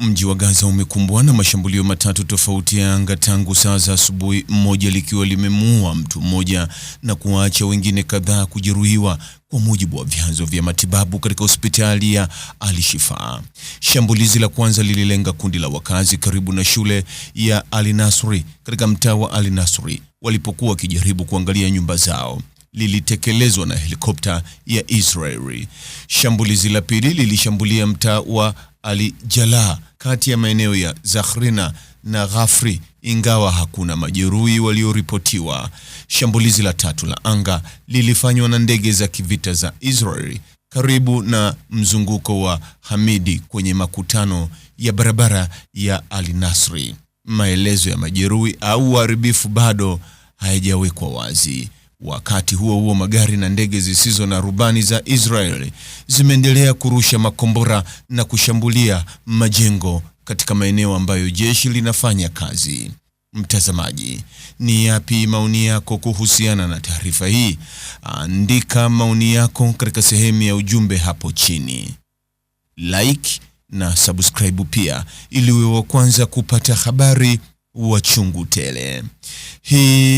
Mji wa Gaza umekumbwa na mashambulio matatu tofauti ya anga tangu saa za asubuhi, mmoja likiwa limemuua mtu mmoja na kuwaacha wengine kadhaa kujeruhiwa, kwa mujibu wa vyanzo vya matibabu katika hospitali ya Al-Shifa. Shambulizi la kwanza lililenga kundi la wakazi karibu na shule ya Al-Nasri katika mtaa wa Al-Nasri walipokuwa wakijaribu kuangalia nyumba zao lilitekelezwa na helikopta ya Israeli. Shambulizi la pili lilishambulia mtaa wa Al-Jalaa kati ya maeneo ya Zakhrina na Ghafri ingawa hakuna majeruhi walioripotiwa. Shambulizi la tatu la anga lilifanywa na ndege za kivita za Israel karibu na mzunguko wa Hamidi kwenye makutano ya barabara ya Al Nasri. Maelezo ya majeruhi au uharibifu bado hayajawekwa wazi. Wakati huo huo, magari na ndege zisizo na rubani za israel zimeendelea kurusha makombora na kushambulia majengo katika maeneo ambayo jeshi linafanya kazi. Mtazamaji, ni yapi maoni yako kuhusiana na taarifa hii? Andika maoni yako katika sehemu ya ujumbe hapo chini. Like na subscribe pia ili uwe wa kwanza kupata habari wa chungu tele. Hii